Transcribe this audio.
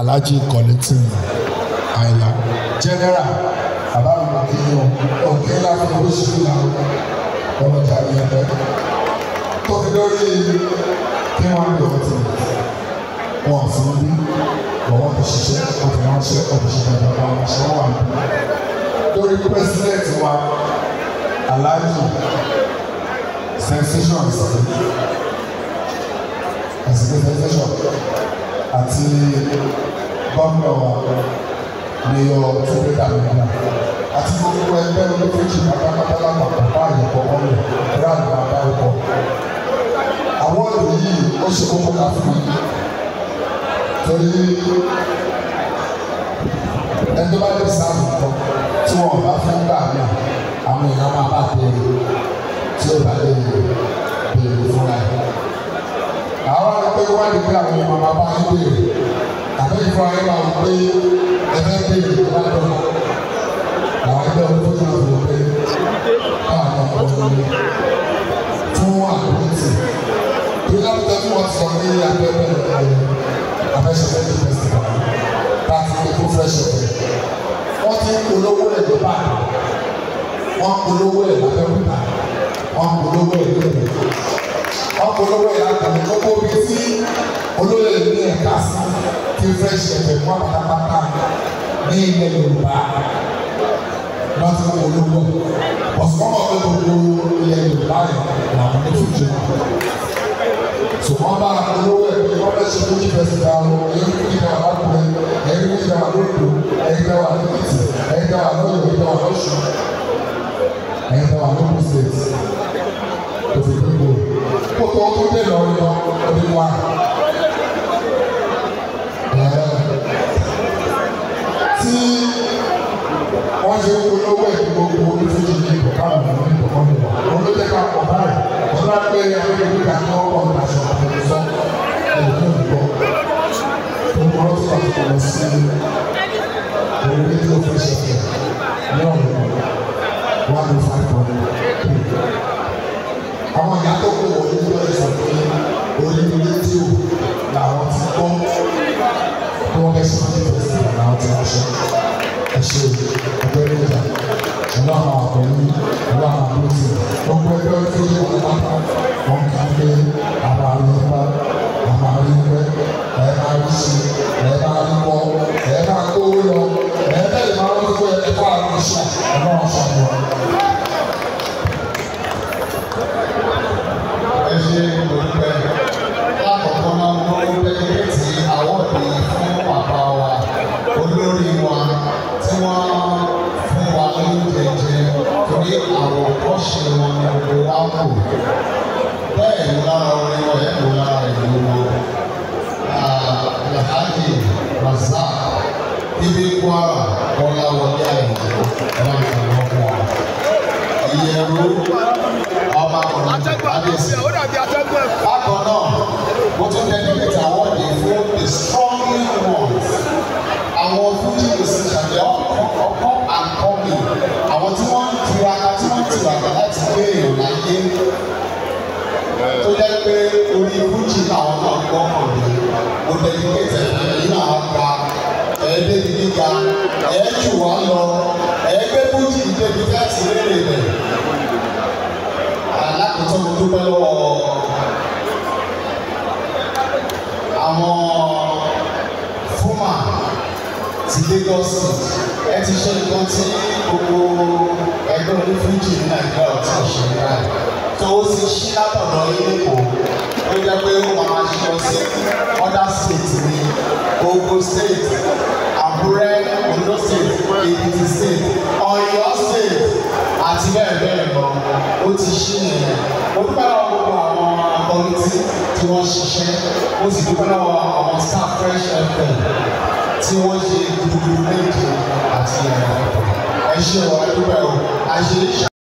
alhaji kọ́lẹ́tìn àyà general àbáwọ̀n akéèyàn ọ̀gbìn láti oríṣiríṣi làwọn ọlọ́jà ní ẹgbẹ́ tó fi lórí kí wọ́n lọ tì wọ́n fún bí wọ́n fi ṣiṣẹ́ ọ̀fìnránṣẹ́ ọ̀fìṣẹ́ ìjọba ọ̀ṣọ́ wà ní. lórí pírẹsidẹ́ǹtì wa alhaji sensations àti pírẹsidẹ́ǹtì àti gómìnà mayor túnde dàmínà àti gbogbo ẹgbẹ́ olókèjì pátápátá lápapọ̀ bá àyẹ̀kọ́ wọn lò rán àgbà ọkọ̀. àwọn ọ̀rọ̀ yìí ó ṣe kókó ká fún mi torí ẹni bá lè sá àbùkọ tí wọn bá fẹ́ gbà mí àwọn èèyàn máa bá tẹ̀lé tí ó bá lè yẹ. wádìí pé àwọn ọmọ bàbá yín béèrè àbẹ́ ìfọ̀ ayé wa wò pé ẹgbẹ́ béèrè tó bá dọ̀ àwọn ẹgbẹ́ ọdún tó náà wò pé káàkiri ọ̀pọ̀ ọ̀hún fún àpótí bí láwùjọ tí wọ́n sọ ní abẹ́bẹ́ abẹ́sẹ̀sẹ̀ ní festival láti fi kó fẹ́ṣẹ̀ wọ́n ti polówó ẹ̀ ló bá wọ́n polówó ẹ̀ lábẹ́kúta wọ́n polówó ẹ̀ lóde ọ̀pọ̀lọpọ̀ ìyá àtàwọn gbogbo omi tí olóyè ní ẹ̀ka sí ti fẹ́ ṣẹ̀fẹ̀ fún àpátápátá ní ilẹ̀ Yorùbá láti wọ́n olówó ọ̀sán ọ̀dọ́ gbogbo ilẹ̀ Yorùbá rẹ̀ làwọn ní tuntun. sọ wọn bá olówó ẹ̀ pé wọ́n fẹ́ ṣe lójú fẹsẹ̀ dáhùn ní. wọ́n ṣe polówó ẹ̀ gbogbo olùfojì ní ìbọ̀ká àwọn ìbọ̀kọ́ ìbọ̀ àwọn ló jẹ́ ká pọ̀ báyìí wọ́n bá pé àwọn ìlú ìgbà tí wọ́n wọ́n aṣọ àfẹnusọ ẹ̀dùn ìbọ̀ tó ń wọ́n tó àfẹnusọ sí orí tó fi ṣẹ̀kẹ̀ ní ọ̀nà one oh àwọn ìyá tó kù wọ́n ní wọ́n ti sọ̀rọ̀ wọn kù bẹ́ẹ̀ mú lára orin wọn ẹ̀ mú lára ìlú wọn ah, alhaji razak ibi kwara ọláwọlé àyìnbó ọlọ́run àwọn kù ìyẹ̀rú ọmọ akọ̀nà adéṣe bákan náà mo tún dẹ́nu lẹ́tà wọ́ọ̀dì fún the tó jẹ́ pé orí fújì làwọn náà gbọ́ mọ̀ ní mo tẹ̀lé kéde ẹ̀yìn náà ga ẹ̀ẹ́dẹ́gbẹ̀ gíga ẹ̀ẹ́jù wá lọ ẹ̀ẹ́gbẹ́ fújì débi láti rere rẹ̀ alákòótọ́ mo dúpẹ́ lọ́wọ́ àwọn fúnmà ti Lagos ẹ ti ṣe nǹkan tí. ti ṣí látọ̀dọ̀ iléèkó ó jẹ́ pé ó máa ṣiṣẹ́ sí other states ní Ogun state Àkúrẹ́ Ondo state Èkìtì state Ọ̀yọ́ state àti bẹ́ẹ̀ bẹ́ẹ̀ lọ ó ti ṣí nìyẹn ó dúpẹ́ lọ́wọ́ gbogbo àwọn akọni tí wọ́n ṣiṣẹ́ ó sì dúpẹ́ lọ́wọ́ àwọn star fresh fm tí wọ́n ṣe gbogbo méje àti ẹ̀rọ ẹ̀ ṣe dúpẹ́ o àṣírí.